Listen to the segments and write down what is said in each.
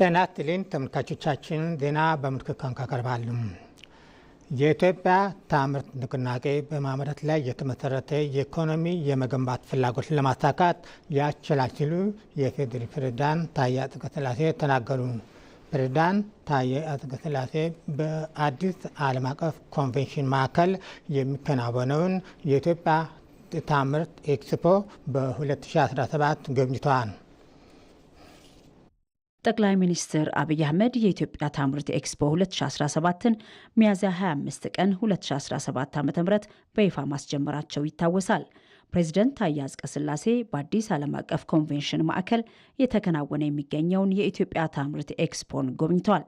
ጤና ይስጥልኝ ተመልካቾቻችን፣ ዜና በምልክት ቋንቋ ቀርባል። የኢትዮጵያ ታምርት ንቅናቄ በማምረት ላይ የተመሰረተ የኢኮኖሚ የመገንባት ፍላጎት ለማሳካት ያስችላል ሲሉ የፌዴሪ ፕሬዝዳንት ታዬ አጽቀሥላሴ ተናገሩ። ፕሬዝዳንት ታዬ አጽቀሥላሴ በአዲስ ዓለም አቀፍ ኮንቬንሽን ማዕከል የሚከናወነውን የኢትዮጵያ ታምርት ኤክስፖ በ2017 ጎብኝተዋል። ጠቅላይ ሚኒስትር አብይ አህመድ የኢትዮጵያ ታምርት ኤክስፖ 2017ን ሚያዝያ 25 ቀን 2017 ዓ ም በይፋ ማስጀመራቸው ይታወሳል። ፕሬዚደንት ታዬ አጽቀሥላሴ በአዲስ ዓለም አቀፍ ኮንቬንሽን ማዕከል እየተከናወነ የሚገኘውን የኢትዮጵያ ታምርት ኤክስፖን ጎብኝተዋል።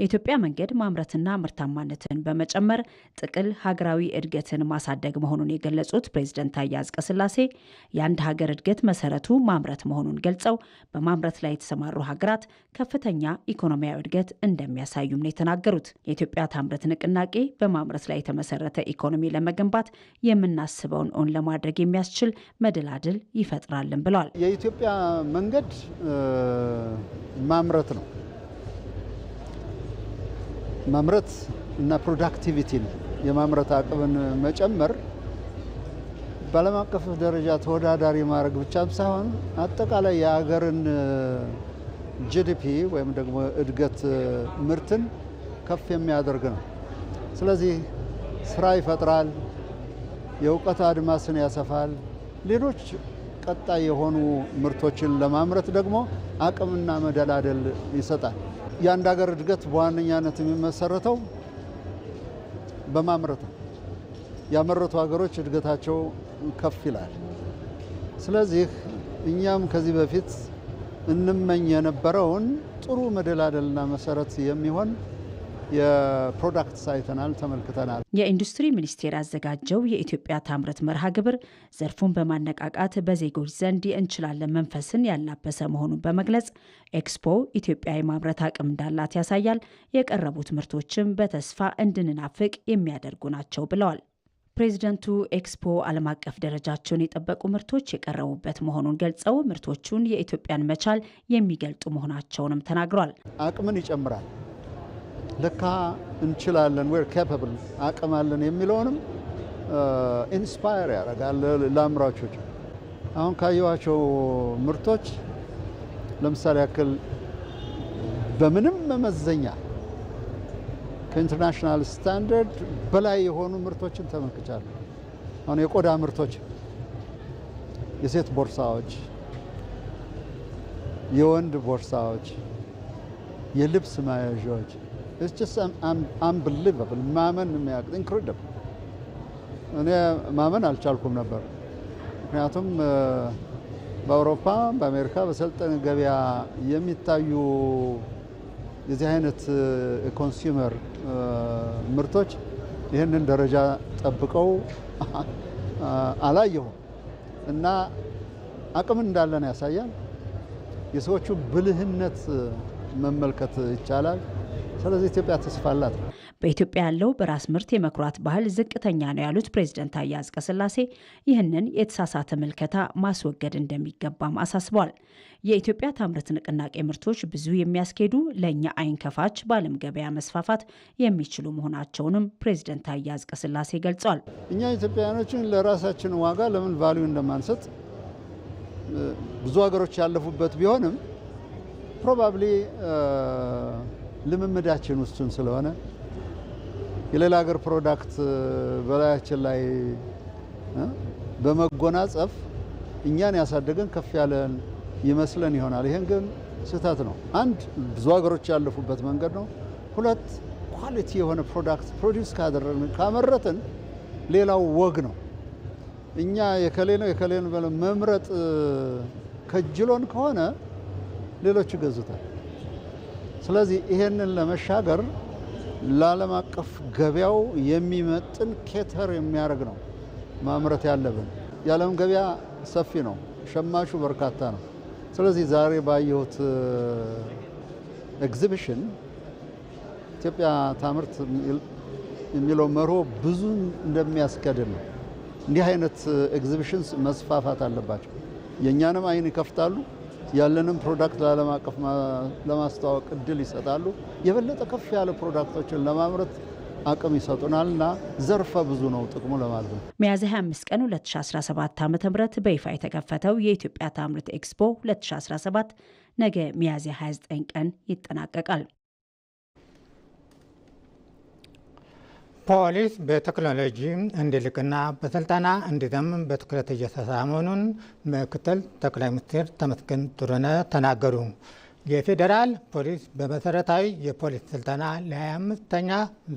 የኢትዮጵያ መንገድ ማምረትና ምርታማነትን በመጨመር ጥቅል ሀገራዊ እድገትን ማሳደግ መሆኑን የገለጹት ፕሬዝደንት ታዬ አጽቀሥላሴ የአንድ ሀገር እድገት መሰረቱ ማምረት መሆኑን ገልጸው በማምረት ላይ የተሰማሩ ሀገራት ከፍተኛ ኢኮኖሚያዊ እድገት እንደሚያሳዩም ነው የተናገሩት። የኢትዮጵያ ታምረት ንቅናቄ በማምረት ላይ የተመሰረተ ኢኮኖሚ ለመገንባት የምናስበውን እውን ለማድረግ የሚያስችል መደላድል ይፈጥራልን ብለዋል። የኢትዮጵያ መንገድ ማምረት ነው። ማምረት እና ፕሮዳክቲቪቲን የማምረት አቅምን መጨመር በዓለም አቀፍ ደረጃ ተወዳዳሪ ማድረግ ብቻም ሳይሆን አጠቃላይ የሀገርን ጂዲፒ ወይም ደግሞ እድገት ምርትን ከፍ የሚያደርግ ነው። ስለዚህ ስራ ይፈጥራል፣ የእውቀት አድማስን ያሰፋል፣ ሌሎች ቀጣይ የሆኑ ምርቶችን ለማምረት ደግሞ አቅምና መደላደል ይሰጣል። የአንድ ሀገር እድገት በዋነኛነት የሚመሰረተው በማምረት ነው። ያመረቱ ሀገሮች እድገታቸው ከፍ ይላል። ስለዚህ እኛም ከዚህ በፊት እንመኝ የነበረውን ጥሩ መደላደልና መሰረት የሚሆን የፕሮዳክት ሳይተናል ተመልክተናል። የኢንዱስትሪ ሚኒስቴር ያዘጋጀው የኢትዮጵያ ታምረት መርሃ ግብር ዘርፉን በማነቃቃት በዜጎች ዘንድ እንችላለን መንፈስን ያላበሰ መሆኑን በመግለጽ ኤክስፖ ኢትዮጵያ የማምረት አቅም እንዳላት ያሳያል፣ የቀረቡት ምርቶችም በተስፋ እንድንናፍቅ የሚያደርጉ ናቸው ብለዋል። ፕሬዚደንቱ ኤክስፖ ዓለም አቀፍ ደረጃቸውን የጠበቁ ምርቶች የቀረቡበት መሆኑን ገልጸው ምርቶቹን የኢትዮጵያን መቻል የሚገልጡ መሆናቸውንም ተናግሯል። አቅምን ይጨምራል ለካ እንችላለን ዌር ካፓብል አቅማለን የሚለውንም ኢንስፓየር uh, ያደርጋል ለአምራቾች። አሁን ካየኋቸው ምርቶች ለምሳሌ ያክል በምንም መመዘኛ ከኢንተርናሽናል ስታንዳርድ በላይ የሆኑ ምርቶችን ተመልክቻለሁ። አሁን የቆዳ ምርቶች፣ የሴት ቦርሳዎች፣ የወንድ ቦርሳዎች፣ የልብስ መያዣዎች ኢትስ ጀስት አንብሊቨብል ማመን የሚያቅት ኢንክሬዲብል። እኔ ማመን አልቻልኩም ነበር። ምክንያቱም በአውሮፓ በአሜሪካ በሰልጠን ገበያ የሚታዩ የዚህ አይነት የኮንሱመር ምርቶች ይህንን ደረጃ ጠብቀው አላየሁም እና አቅም እንዳለን ያሳያል። የሰዎቹ ብልህነት መመልከት ይቻላል። ስለዚህ ኢትዮጵያ ተስፋ አላት። በኢትዮጵያ ያለው በራስ ምርት የመኩራት ባህል ዝቅተኛ ነው ያሉት ፕሬዚደንት ታዬ አጽቀሥላሴ ይህንን የተሳሳተ ምልከታ ማስወገድ እንደሚገባም አሳስበዋል። የኢትዮጵያ ታምርት ንቅናቄ ምርቶች ብዙ የሚያስኬዱ ለእኛ አይን ከፋች በዓለም ገበያ መስፋፋት የሚችሉ መሆናቸውንም ፕሬዚደንት ታዬ አጽቀሥላሴ ገልጸዋል። እኛ ኢትዮጵያውያኖችን ለራሳችን ዋጋ ለምን ቫሊዩ እንደማንሰጥ ብዙ ሀገሮች ያለፉበት ቢሆንም ፕሮባብሊ ልምምዳችን ውስን ስለሆነ የሌላ ሀገር ፕሮዳክት በላያችን ላይ በመጎናጸፍ እኛን ያሳደገን ከፍ ያለን ይመስለን ይሆናል። ይህን ግን ስህተት ነው። አንድ ብዙ ሀገሮች ያለፉበት መንገድ ነው። ሁለት ኳሊቲ የሆነ ፕሮዳክት ፕሮዲውስ ካደረግን ካመረትን ሌላው ወግ ነው። እኛ የከሌ ነው የከሌ ነው መምረጥ ከጅሎን ከሆነ ሌሎች ይገዙታል። ስለዚህ ይሄንን ለመሻገር ለዓለም አቀፍ ገበያው የሚመጥን ኬተር የሚያደርግ ነው ማምረት ያለብን። የዓለም ገበያ ሰፊ ነው፣ ሸማቹ በርካታ ነው። ስለዚህ ዛሬ ባየሁት ኤግዚቢሽን uh, ኢትዮጵያ ታምርት የሚለው መርሆ ብዙ እንደሚያስገድል ነው። እንዲህ አይነት ኤግዚቢሽንስ uh, መስፋፋት አለባቸው። የእኛንም አይን ይከፍታሉ። ያለንን ፕሮዳክት ለዓለም አቀፍ ለማስተዋወቅ እድል ይሰጣሉ። የበለጠ ከፍ ያለ ፕሮዳክቶችን ለማምረት አቅም ይሰጡናል እና ዘርፈ ብዙ ነው ጥቅሙ ለማለት ነው። ሚያዝያ 25 ቀን 2017 ዓ ም በይፋ የተከፈተው የኢትዮጵያ ታምርት ኤክስፖ 2017 ነገ ሚያዝያ 29 ቀን ይጠናቀቃል። ፖሊስ በቴክኖሎጂ እንዲልቅና በስልጠና እንዲዘምን በትኩረት እየሰራ መሆኑን ምክትል ጠቅላይ ሚኒስትር ተመስገን ጥሩነህ ተናገሩ። የፌዴራል ፖሊስ በመሰረታዊ የፖሊስ ስልጠና ለ25ኛ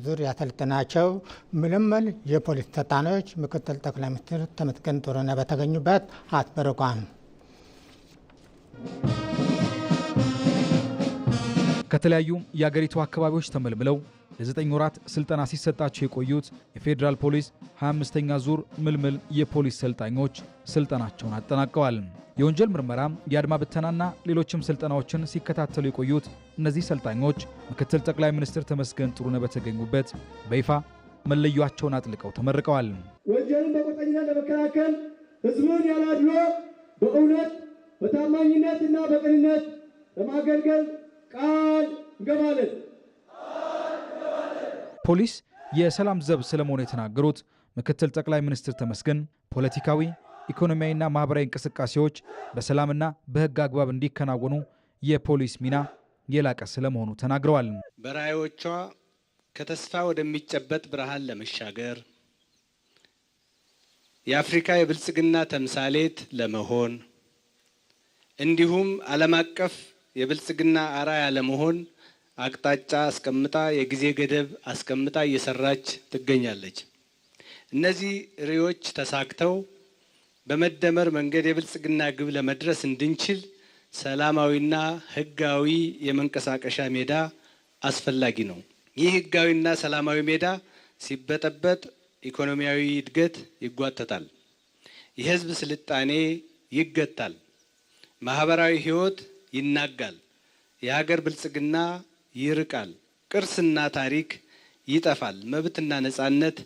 ዙር ያሰልጥናቸው ምልምል የፖሊስ ሰልጣኞች ምክትል ጠቅላይ ሚኒስትር ተመስገን ጥሩነህ በተገኙበት አስመርቋል። ከተለያዩ የአገሪቱ አካባቢዎች ተመልምለው ለዘጠኝ ወራት ስልጠና ሲሰጣቸው የቆዩት የፌዴራል ፖሊስ 25ኛ ዙር ምልምል የፖሊስ ሰልጣኞች ስልጠናቸውን አጠናቀዋል። የወንጀል ምርመራ፣ የአድማ ብተናና ሌሎችም ስልጠናዎችን ሲከታተሉ የቆዩት እነዚህ ሰልጣኞች ምክትል ጠቅላይ ሚኒስትር ተመስገን ጥሩነህ በተገኙበት በይፋ መለያቸውን አጥልቀው ተመርቀዋል። ወንጀልን በቁርጠኝነት ለመከላከል ህዝቡን ያላድሎ በእውነት በታማኝነትና በቅንነት ለማገልገል ቃል እንገባለን። ፖሊስ የሰላም ዘብ ስለመሆኑ የተናገሩት ምክትል ጠቅላይ ሚኒስትር ተመስገን ፖለቲካዊ፣ ኢኮኖሚያዊና ማህበራዊ እንቅስቃሴዎች በሰላምና በህግ አግባብ እንዲከናወኑ የፖሊስ ሚና የላቀ ስለመሆኑ ተናግረዋል። በራዕዮቿ ከተስፋ ወደሚጨበጥ ብርሃን ለመሻገር የአፍሪካ የብልጽግና ተምሳሌት ለመሆን እንዲሁም ዓለም አቀፍ የብልጽግና አራ ለመሆን አቅጣጫ አስቀምጣ የጊዜ ገደብ አስቀምጣ እየሰራች ትገኛለች። እነዚህ ሪዎች ተሳክተው በመደመር መንገድ የብልጽግና ግብ ለመድረስ እንድንችል ሰላማዊና ሕጋዊ የመንቀሳቀሻ ሜዳ አስፈላጊ ነው። ይህ ሕጋዊና ሰላማዊ ሜዳ ሲበጠበጥ ኢኮኖሚያዊ እድገት ይጓተታል፣ የህዝብ ስልጣኔ ይገታል፣ ማህበራዊ ሕይወት ይናጋል፣ የሀገር ብልጽግና ይርቃል፣ ቅርስና ታሪክ ይጠፋል፣ መብትና ነጻነት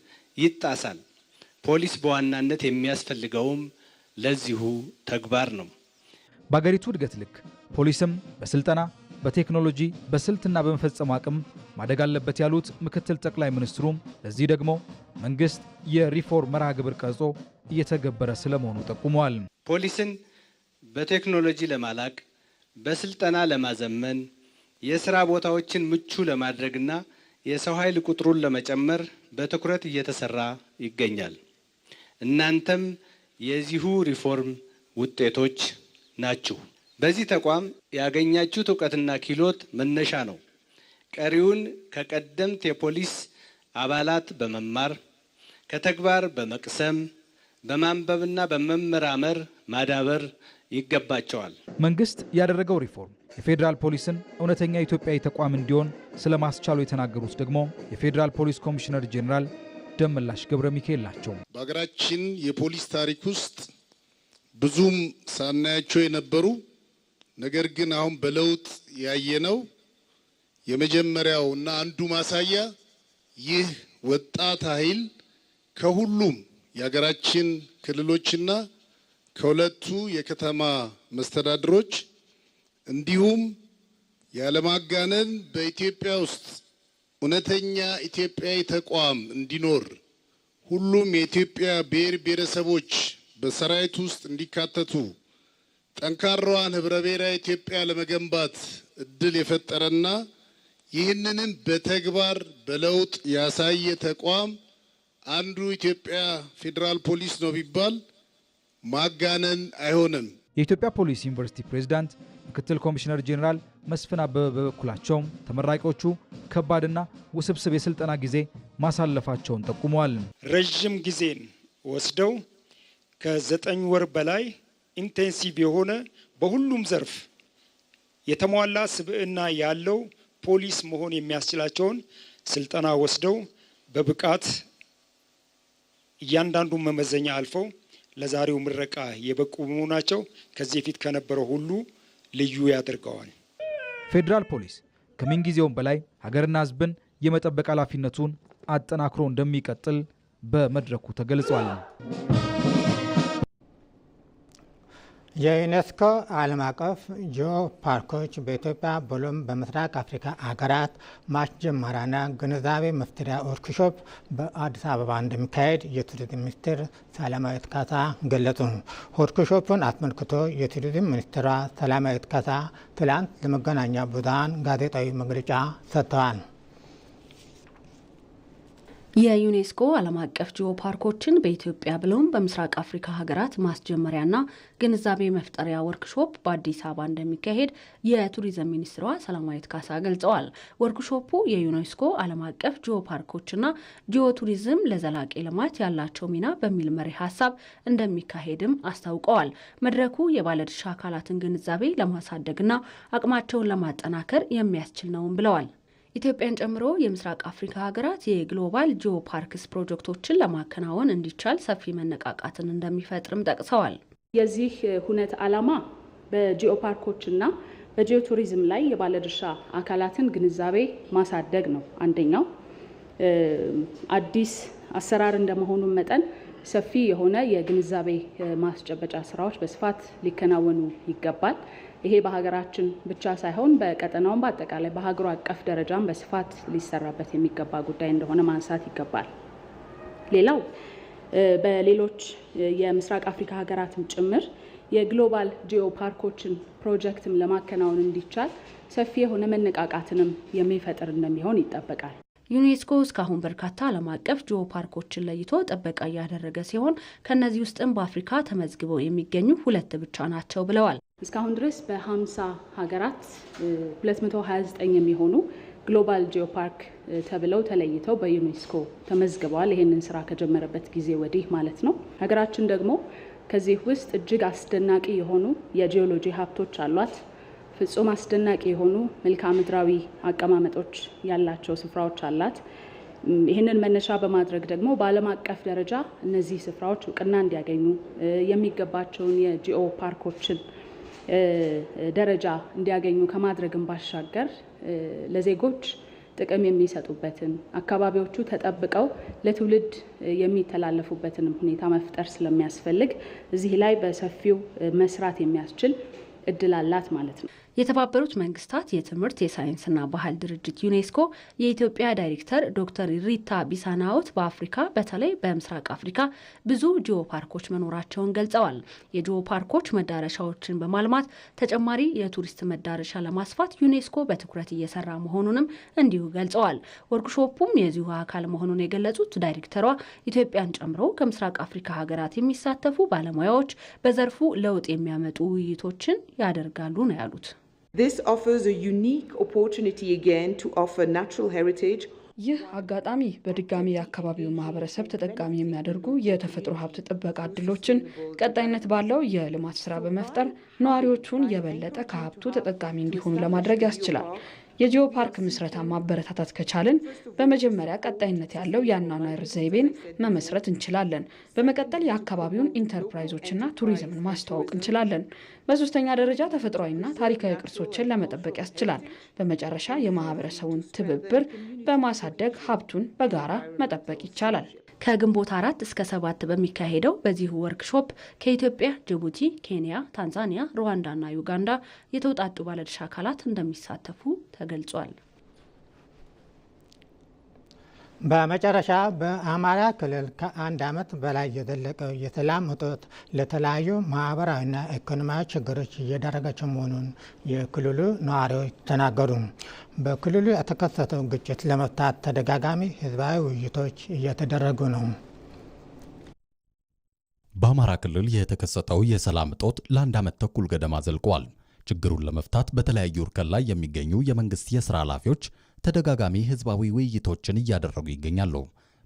ይጣሳል። ፖሊስ በዋናነት የሚያስፈልገውም ለዚሁ ተግባር ነው። በአገሪቱ እድገት ልክ ፖሊስም በስልጠና በቴክኖሎጂ በስልትና በመፈጸሙ አቅም ማደግ አለበት ያሉት ምክትል ጠቅላይ ሚኒስትሩም ለዚህ ደግሞ መንግስት የሪፎርም መርሃ ግብር ቀርጾ እየተገበረ ስለመሆኑ ጠቁመዋል። ፖሊስን በቴክኖሎጂ ለማላቅ በስልጠና ለማዘመን የስራ ቦታዎችን ምቹ ለማድረግና የሰው ኃይል ቁጥሩን ለመጨመር በትኩረት እየተሰራ ይገኛል። እናንተም የዚሁ ሪፎርም ውጤቶች ናችሁ። በዚህ ተቋም ያገኛችሁት እውቀትና ኪሎት መነሻ ነው። ቀሪውን ከቀደምት የፖሊስ አባላት በመማር ከተግባር በመቅሰም በማንበብና በመመራመር ማዳበር ይገባቸዋል። መንግስት ያደረገው ሪፎርም የፌዴራል ፖሊስን እውነተኛ ኢትዮጵያዊ ተቋም እንዲሆን ስለማስቻሉ የተናገሩት ደግሞ የፌዴራል ፖሊስ ኮሚሽነር ጄኔራል ደመላሽ ገብረ ሚካኤል ናቸው። በሀገራችን የፖሊስ ታሪክ ውስጥ ብዙም ሳናያቸው የነበሩ ነገር ግን አሁን በለውጥ ያየነው የመጀመሪያው እና አንዱ ማሳያ ይህ ወጣት ኃይል ከሁሉም የሀገራችን ክልሎችና ከሁለቱ የከተማ መስተዳድሮች እንዲሁም ያለማጋነን በኢትዮጵያ ውስጥ እውነተኛ ኢትዮጵያዊ ተቋም እንዲኖር ሁሉም የኢትዮጵያ ብሔር ብሔረሰቦች በሰራዊት ውስጥ እንዲካተቱ ጠንካራዋን ህብረ ብሔራዊ ኢትዮጵያ ለመገንባት እድል የፈጠረና ይህንንም በተግባር በለውጥ ያሳየ ተቋም አንዱ ኢትዮጵያ ፌዴራል ፖሊስ ነው ቢባል ማጋነን አይሆንም። የኢትዮጵያ ፖሊስ ዩኒቨርሲቲ ፕሬዝዳንት ምክትል ኮሚሽነር ጄኔራል መስፍን አበበ በበኩላቸው ተመራቂዎቹ ከባድና ውስብስብ የስልጠና ጊዜ ማሳለፋቸውን ጠቁመዋል። ረዥም ጊዜን ወስደው ከዘጠኝ ወር በላይ ኢንቴንሲቭ የሆነ በሁሉም ዘርፍ የተሟላ ስብዕና ያለው ፖሊስ መሆን የሚያስችላቸውን ስልጠና ወስደው በብቃት እያንዳንዱን መመዘኛ አልፈው ለዛሬው ምረቃ የበቁ ናቸው ከዚህ ፊት ከነበረው ሁሉ ልዩ ያደርገዋል። ፌዴራል ፖሊስ ከምንጊዜውም በላይ ሀገርና ሕዝብን የመጠበቅ ኃላፊነቱን አጠናክሮ እንደሚቀጥል በመድረኩ ተገልጿል። የዩኔስኮ ዓለም አቀፍ ጂኦ ፓርኮች በኢትዮጵያ ብሎም በምስራቅ አፍሪካ አገራት ማስጀመሪያና ግንዛቤ መፍጠሪያ ወርክሾፕ በአዲስ አበባ እንደሚካሄድ የቱሪዝም ሚኒስትር ሰላማዊት ካሳ ገለጹ። ወርክሾፑን አስመልክቶ የቱሪዝም ሚኒስትሯ ሰላማዊት ካሳ ትላንት ለመገናኛ ብዙኃን ጋዜጣዊ መግለጫ ሰጥተዋል። የዩኔስኮ ዓለም አቀፍ ጂኦ ፓርኮችን በኢትዮጵያ ብለውም በምስራቅ አፍሪካ ሀገራት ማስጀመሪያና ግንዛቤ መፍጠሪያ ወርክሾፕ በአዲስ አበባ እንደሚካሄድ የቱሪዝም ሚኒስትሯ ሰላማዊት ካሳ ገልጸዋል። ወርክሾፑ የዩኔስኮ ዓለም አቀፍ ጂኦ ፓርኮችና ጂኦ ቱሪዝም ለዘላቂ ልማት ያላቸው ሚና በሚል መሪ ሀሳብ እንደሚካሄድም አስታውቀዋል። መድረኩ የባለድርሻ አካላትን ግንዛቤ ለማሳደግና አቅማቸውን ለማጠናከር የሚያስችል ነውም ብለዋል። ኢትዮጵያን ጨምሮ የምስራቅ አፍሪካ ሀገራት የግሎባል ጂኦ ፓርክስ ፕሮጀክቶችን ለማከናወን እንዲቻል ሰፊ መነቃቃትን እንደሚፈጥርም ጠቅሰዋል። የዚህ ሁነት ዓላማ በጂኦ ፓርኮችና በጂኦ ቱሪዝም ላይ የባለድርሻ አካላትን ግንዛቤ ማሳደግ ነው። አንደኛው አዲስ አሰራር እንደመሆኑ መጠን ሰፊ የሆነ የግንዛቤ ማስጨበጫ ስራዎች በስፋት ሊከናወኑ ይገባል። ይሄ በሀገራችን ብቻ ሳይሆን በቀጠናውም በአጠቃላይ በሀገሩ አቀፍ ደረጃም በስፋት ሊሰራበት የሚገባ ጉዳይ እንደሆነ ማንሳት ይገባል። ሌላው በሌሎች የምስራቅ አፍሪካ ሀገራትም ጭምር የግሎባል ጂኦ ፓርኮችን ፕሮጀክትም ለማከናወን እንዲቻል ሰፊ የሆነ መነቃቃትንም የሚፈጥር እንደሚሆን ይጠበቃል። ዩኔስኮ እስካሁን በርካታ ዓለም አቀፍ ጂኦ ፓርኮችን ለይቶ ጥበቃ እያደረገ ሲሆን ከእነዚህ ውስጥም በአፍሪካ ተመዝግበው የሚገኙ ሁለት ብቻ ናቸው ብለዋል እስካሁን ድረስ በ50 ሀገራት 229 የሚሆኑ ግሎባል ጂኦፓርክ ተብለው ተለይተው በዩኔስኮ ተመዝግበዋል። ይህንን ስራ ከጀመረበት ጊዜ ወዲህ ማለት ነው። ሀገራችን ደግሞ ከዚህ ውስጥ እጅግ አስደናቂ የሆኑ የጂኦሎጂ ሀብቶች አሏት። ፍጹም አስደናቂ የሆኑ መልክዓ ምድራዊ አቀማመጦች ያላቸው ስፍራዎች አላት። ይህንን መነሻ በማድረግ ደግሞ በዓለም አቀፍ ደረጃ እነዚህ ስፍራዎች እውቅና እንዲያገኙ የሚገባቸውን የጂኦ ፓርኮችን ደረጃ እንዲያገኙ ከማድረግም ባሻገር ለዜጎች ጥቅም የሚሰጡበትን አካባቢዎቹ ተጠብቀው ለትውልድ የሚተላለፉበትንም ሁኔታ መፍጠር ስለሚያስፈልግ እዚህ ላይ በሰፊው መስራት የሚያስችል እድል አላት ማለት ነው። የተባበሩት መንግስታት የትምህርት የሳይንስና ባህል ድርጅት ዩኔስኮ የኢትዮጵያ ዳይሬክተር ዶክተር ሪታ ቢሳናውት በአፍሪካ በተለይ በምስራቅ አፍሪካ ብዙ ጂኦ ፓርኮች መኖራቸውን ገልጸዋል። የጂኦ ፓርኮች መዳረሻዎችን በማልማት ተጨማሪ የቱሪስት መዳረሻ ለማስፋት ዩኔስኮ በትኩረት እየሰራ መሆኑንም እንዲሁ ገልጸዋል። ወርክሾፑም የዚሁ አካል መሆኑን የገለጹት ዳይሬክተሯ ኢትዮጵያን ጨምሮ ከምስራቅ አፍሪካ ሀገራት የሚሳተፉ ባለሙያዎች በዘርፉ ለውጥ የሚያመጡ ውይይቶችን ያደርጋሉ ነው ያሉት። This offers a unique opportunity again to offer natural heritage ይህ አጋጣሚ በድጋሚ የአካባቢውን ማህበረሰብ ተጠቃሚ የሚያደርጉ የተፈጥሮ ሀብት ጥበቃ እድሎችን ቀጣይነት ባለው የልማት ስራ በመፍጠር ነዋሪዎቹን የበለጠ ከሀብቱ ተጠቃሚ እንዲሆኑ ለማድረግ ያስችላል። የጂኦ ፓርክ ምስረታ ማበረታታት ከቻልን በመጀመሪያ ቀጣይነት ያለው የአኗኗር ዘይቤን መመስረት እንችላለን። በመቀጠል የአካባቢውን ኢንተርፕራይዞችና ቱሪዝምን ማስተዋወቅ እንችላለን። በሶስተኛ ደረጃ ተፈጥሯዊና ታሪካዊ ቅርሶችን ለመጠበቅ ያስችላል። በመጨረሻ የማህበረሰቡን ትብብር በማሳደግ ሀብቱን በጋራ መጠበቅ ይቻላል። ከግንቦት አራት እስከ ሰባት በሚካሄደው በዚሁ ወርክሾፕ ከኢትዮጵያ፣ ጅቡቲ፣ ኬንያ፣ ታንዛኒያ፣ ሩዋንዳና ዩጋንዳ የተውጣጡ ባለድርሻ አካላት እንደሚሳተፉ ተገልጿል። በመጨረሻ በአማራ ክልል ከአንድ ዓመት በላይ የዘለቀው የሰላም እጦት ለተለያዩ ማህበራዊና ኢኮኖሚያዊ ችግሮች እየደረገች መሆኑን የክልሉ ነዋሪዎች ተናገሩ። በክልሉ የተከሰተው ግጭት ለመፍታት ተደጋጋሚ ህዝባዊ ውይይቶች እየተደረጉ ነው። በአማራ ክልል የተከሰተው የሰላም እጦት ለአንድ ዓመት ተኩል ገደማ ዘልቋል። ችግሩን ለመፍታት በተለያዩ እርከን ላይ የሚገኙ የመንግስት የስራ ኃላፊዎች ተደጋጋሚ ህዝባዊ ውይይቶችን እያደረጉ ይገኛሉ።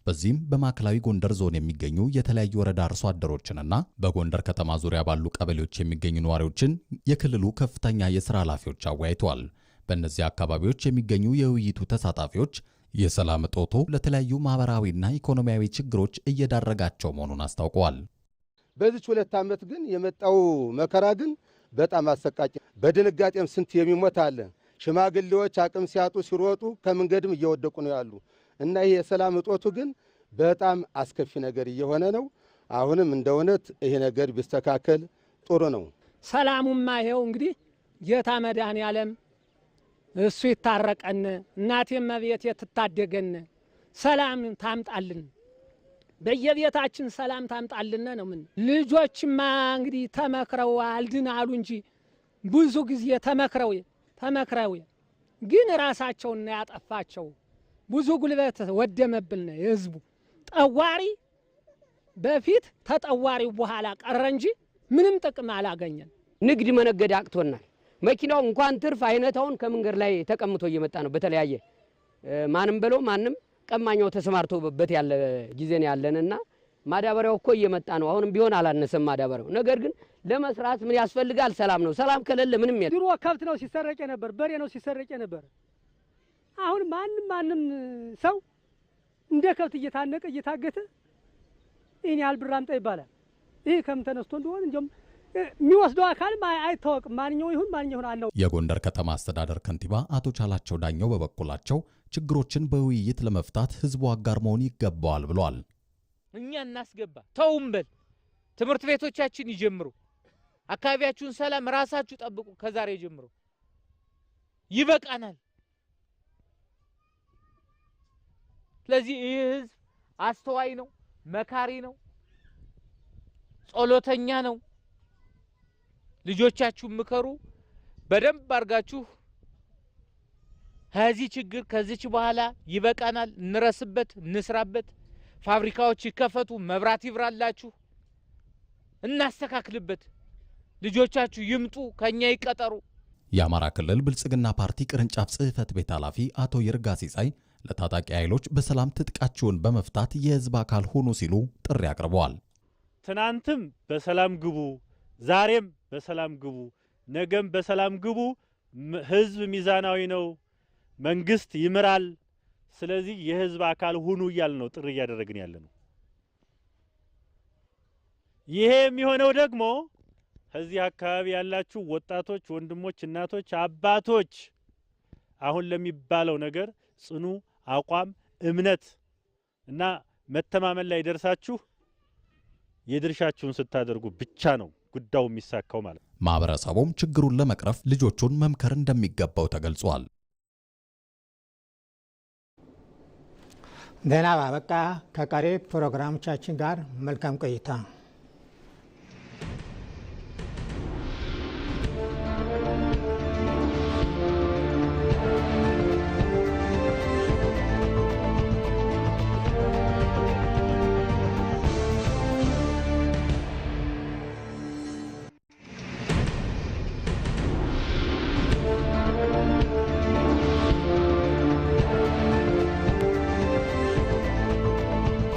በዚህም በማዕከላዊ ጎንደር ዞን የሚገኙ የተለያዩ ወረዳ አርሶ አደሮችንና በጎንደር ከተማ ዙሪያ ባሉ ቀበሌዎች የሚገኙ ነዋሪዎችን የክልሉ ከፍተኛ የሥራ ኃላፊዎች አወያይተዋል። በእነዚህ አካባቢዎች የሚገኙ የውይይቱ ተሳታፊዎች የሰላም እጦቱ ለተለያዩ ማኅበራዊና ኢኮኖሚያዊ ችግሮች እየዳረጋቸው መሆኑን አስታውቀዋል። በዚች ሁለት ዓመት ግን የመጣው መከራ ግን በጣም አሰቃቂ፣ በድንጋጤም ስንት የሚሞት አለ ሽማግሌዎች አቅም ሲያጡ ሲሮጡ ከመንገድም እየወደቁ ነው ያሉ እና ይህ የሰላም እጦቱ ግን በጣም አስከፊ ነገር እየሆነ ነው። አሁንም እንደ እውነት ይሄ ነገር ቢስተካከል ጥሩ ነው። ሰላሙማ ይኸው እንግዲህ ጌታ መድኃኔ ዓለም እሱ ይታረቀን፣ እናቴ መቤት የትታደገን ሰላም ታምጣልን፣ በየቤታችን ሰላም ታምጣልን ነው ምን ልጆችማ እንግዲህ ተመክረው አልድን አሉ እንጂ ብዙ ጊዜ ተመክረው ተመክረው ግን ራሳቸውና ያጠፋቸው ብዙ ጉልበት ወደመብልነ የህዝቡ ጠዋሪ በፊት ተጠዋሪው በኋላ ቀረ እንጂ ምንም ጥቅም አላገኘን። ንግድ መነገድ አቅቶናል። መኪናው እንኳን ትርፍ አይነታውን ከመንገድ ላይ ተቀምቶ እየመጣ ነው። በተለያየ ማንም በለው ማንም ቀማኛው ተሰማርቶበት ያለ ጊዜ ነው ያለንና ማዳበሪያው እኮ እየመጣ ነው። አሁንም ቢሆን አላነሰም ማዳበሪያው። ነገር ግን ለመስራት ምን ያስፈልጋል? ሰላም ነው። ሰላም ከሌለ ምንም የለም። ድሮ ከብት ነው ሲሰረቅ ነበር፣ በሬ ነው ሲሰረቅ ነበር። አሁን ማንም ማንም ሰው እንደ ከብት እየታነቀ እየታገተ ይህን ያህል ብር አምጣ ይባላል። ይህ ከምን ተነስቶ እንደሆን እንዲያውም የሚወስደው አካል አይታወቅም። ማንኛው ይሁን ማንኛው ይሁን አለው። የጎንደር ከተማ አስተዳደር ከንቲባ አቶ ቻላቸው ዳኘው በበኩላቸው ችግሮችን በውይይት ለመፍታት ህዝቡ አጋር መሆን ይገባዋል ብለዋል። እኛ እናስገባ። ተውም በል ትምህርት ቤቶቻችን ይጀምሩ። አካባቢያችሁን ሰላም ራሳችሁ ጠብቁ። ከዛሬ ጀምሮ ይበቃናል። ስለዚህ ይህ ህዝብ አስተዋይ ነው፣ መካሪ ነው፣ ጸሎተኛ ነው። ልጆቻችሁ ምከሩ በደንብ አድርጋችሁ። ከዚህ ችግር ከዚች በኋላ ይበቃናል፣ እንረስበት፣ እንስራበት። ፋብሪካዎች ይከፈቱ፣ መብራት ይብራላችሁ፣ እናስተካክልበት፣ ልጆቻችሁ ይምጡ፣ ከኛ ይቀጠሩ። የአማራ ክልል ብልጽግና ፓርቲ ቅርንጫፍ ጽህፈት ቤት ኃላፊ አቶ ይርጋ ሲሳይ ለታጣቂ ኃይሎች በሰላም ትጥቃችሁን በመፍታት የህዝብ አካል ሁኑ ሲሉ ጥሪ አቅርበዋል። ትናንትም በሰላም ግቡ፣ ዛሬም በሰላም ግቡ፣ ነገም በሰላም ግቡ። ህዝብ ሚዛናዊ ነው፣ መንግስት ይምራል፣ ስለዚህ የህዝብ አካል ሁኑ እያል ነው ጥሪ እያደረግን ያለ ነው። ይሄ የሚሆነው ደግሞ ከዚህ አካባቢ ያላችሁ ወጣቶች፣ ወንድሞች፣ እናቶች፣ አባቶች አሁን ለሚባለው ነገር ጽኑ አቋም፣ እምነት እና መተማመን ላይ ደርሳችሁ የድርሻችሁን ስታደርጉ ብቻ ነው ጉዳዩ የሚሳካው ማለት ነው። ማህበረሰቡም ችግሩን ለመቅረፍ ልጆቹን መምከር እንደሚገባው ተገልጿል። धन्यवाद का खकारे प्रोग्राम चाचिंगार मलकम कही था